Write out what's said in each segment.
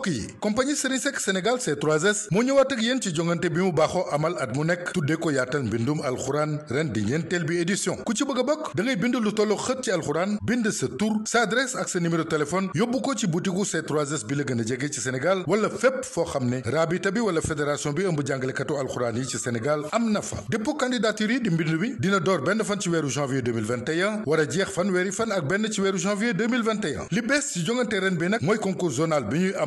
mbokk yi compagnie Sénégal c 3 moo ñëwaat ak yéen ci jongante bi mu baaxoo amal at mu nekk tuddee ko yaatal mbindum alxuraan ren di ñeenteel bi édition ku ci bëgg a bokk da ngay bind lu tollu xët ci alxuraan bind sa tur sa adresse ak sa numéro téléphone yóbbu ko ci butiku c 3 bi la gën a jege ci Sénégal wala fépp foo xam ne raabita bi wala fédération bi ëmb jàngalekatu alxuraan yi ci Sénégal am na fa dépôt candidature yi di a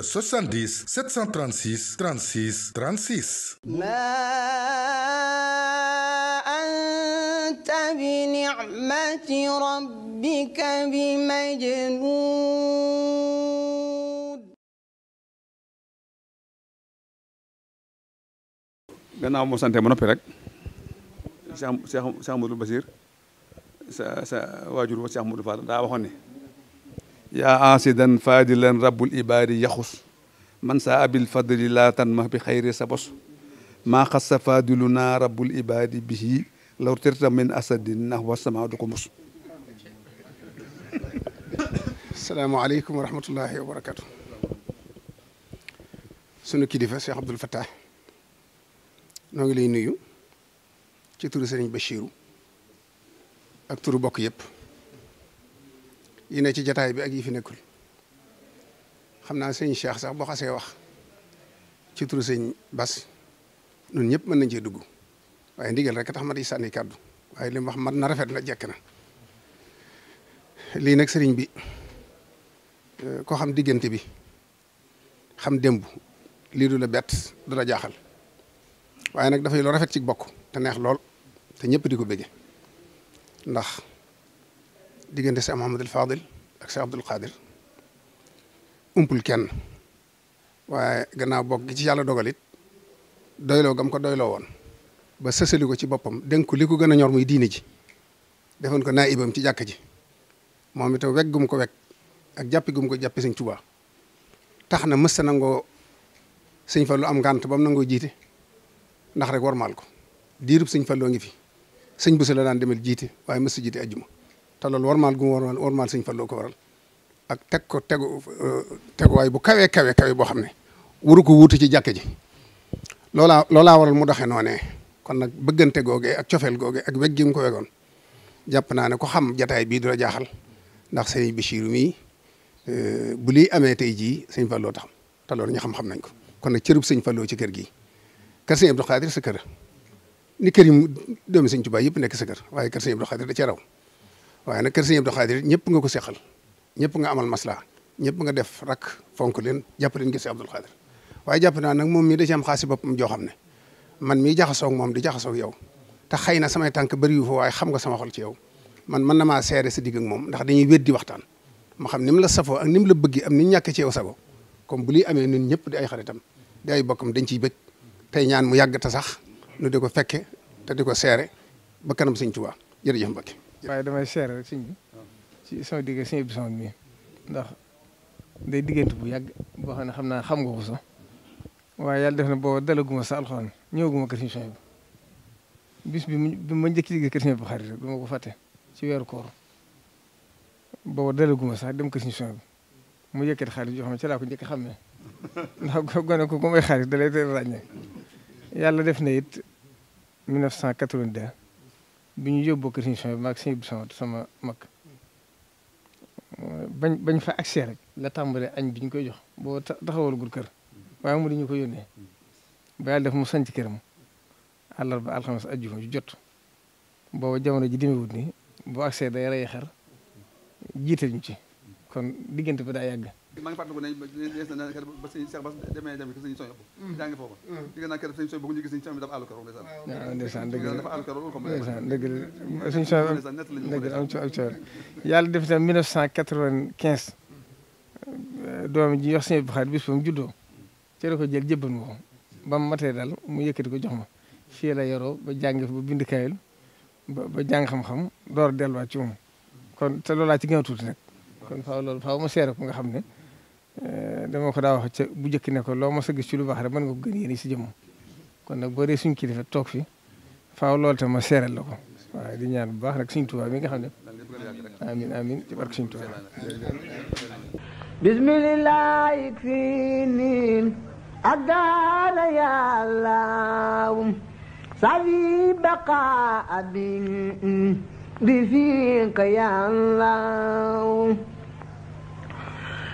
wala 70 736 36 36. gannaaw moo sante ma noppi rek Cheikh Cheikh Amadou Basir sa sa waajur wa Cheikh Amadou Fall daa waxoon ne yaa ansidan faadilan rabbul ibaari yaxus man saa abil fadli bi xayri sa bos xas sa faadiluna rabbul bihi law tirta min asadin nax wa sama mos sunu kilifa Cheikh Abdoul Fattah noo ngi nuyu ci turu Serigne Bachirou ak turu bokk yëpp yi ne ci jataay bi ak yi fi nekkul xam naa sëñ Cheikh sax boo xasee wax ci turu sëñ Bas ñun ñëpp mën nañ cee dugg waaye ndigal rek tax ma di sànni kàddu waaye li wax mat na rafet na jekk na lii nag sëriñ bi eh, ko xam diggante bi xam démb lii du la bet du la jaaxal waaye nag dafay lu rafet ci bokk te neex lool te ñëpp di ko bëgge ndax diggante Cheikh Mouhamadul Fadil ak Cheikh Abdoul Khadir umpul kenn waaye gannaaw bokk gi ci yàlla dogalit doyloo gam ko doyloo woon ba sësali ko ci boppam dénk ko li ko gën a ñor muy diine ji defoon ko naa naayibam ci jàkk ji moom itam wegg gum ko wegg ak jàppi gum ko jàppi sañ Tuubaa tax na mës nangoo sëñ Fallu am ngant ba nangoo jiite ndax rek maal ko diirub sëñ Falloo ngi fi sëñ Buso la daan demal jiite waaye mës sa jiite ajjuma te loolu warmaal gu mu warmaal warmaal sëñ Fallou ko waral ak teg ko tegu euh, waay bu kawee kawe kawe boo xam ne waru ko wuutu ci jàkka ji loolaa loolaa waral mu doxee noonee kon nag bëggante googee ak cofeel googe ak wegg ko wegoon jàpp naa ne ko xam jataay bii du jaaxal ndax sëñ Bichir mii euh, bu liy amee tey jii sëñ Fallou tax te loolu ñu xam-xam nañ ko kon nag cërub sëñ Fallou ci kër gi kër sëñ Abdou Khadir sa kër ni kër yi mu doomi sëñ Tuubaa yëpp nekk sa kër waaye kër sëñ Abdou Khadir da cee raw waaye na kër sëñ Abdou Khadir ñëpp nga ko seqal ñëpp nga amal masla ñëpp nga def rak fonk leen jàpp leen kër sëñ Abdou waaye jàpp naa nag moom mii da si am xaasi boppam joo xam ne man mii jaxasoog moom di jaxasoog yow te xëy na samay tànk bëri yu fa waaye xam nga sama xol ci yow man mën na maa seere sa digg ak moom ndax dañuy weddi waxtaan ma xam ni mu la safoo ak ni la bëgg am ni ñàkk ci yow sago comme bu liy amee ñun ñëpp di ay xaritam di ay bokkam dañ ciy bëgg tey ñaan mu yàgg te sax nu di ko te di ko seere ba kanam sëñ Tuubaa jërëjëf Mbacke waaye damay seere rek sëñ bi ci sama digg sëñ bi sama mi ndax day diggante bu yàgg boo xam ne xam naa xam nga ko sax waaye yàlla def na boo dalaguma sa alxuraan ñëwaguma kër sëñ bi bis bi bi ma njëkk liggéey kër sëñ bi xarit rek du ma ko fàtte ci weer koor booba dalaguma sax dem kër sëñ bi mu yëkkati xaalis yoo xam ci laa ko njëkk xam ne ndax gone ko ku may xaalis da lay teel ràññee yàlla def na it 1982 bi ñu yóbbu kër si maag sëñ bi sama sama mag bañ fa accès rek la tàmbalee añ bi ñu koy jox boo taxawal gul kër waaye mu di ñu ko yónnee ba yàlla def mu sanc këram àllarba alxames ajjuma ju jot boo jamono ji demewut nii boo accès day rey xar jiital ñu ci kon diggante bi daa yàgg. maa ngi fàttaliku ne nees na ne ba mm. mm. la dafa àllu keroog comme ndeysaan euh, doom ji wax sëñ Abdou Khadre bis ba mu juddoo ci la ko jël jëbbal ma ko ba mu matee daal ko jox ma fii la yoroo ba jàngi bu bind kayil ba ba jàng xam-xam door delluwaat ci moom kon te loolaa ci gën tuuti nag kon faaw loolu faaw ma seere ko nga xam ne Eh, dama ko daa wax ca bu njëkk ne ko loo mos a gis ci lu baax rek mën nga si jëmm kon nag boo dee suñ kilifa toog fi faaw loolu tam ma seeral la di ñaan bu baax rek suñ Tuubaa mi nga xam ne amin amin ci barke suñ Tuubaa bismillahi finin ak daara yàllaaw safi baqa abin di fiika yàllaaw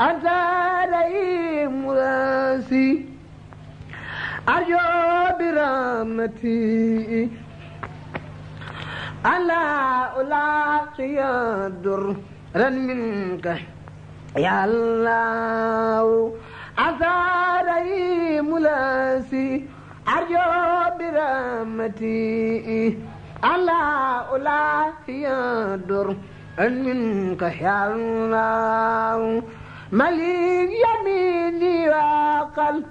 أنزالي مراسي أرجو برامتي ألا ألاقي درا منك يا الله أنزالي مراسي أرجو برامتي ألا ألاقي درا منك يا الله مليك يميني وقل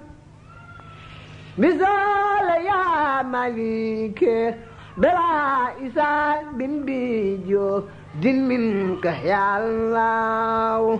بزال يا مليك بلا إسان بن بيجو دين منك يا الله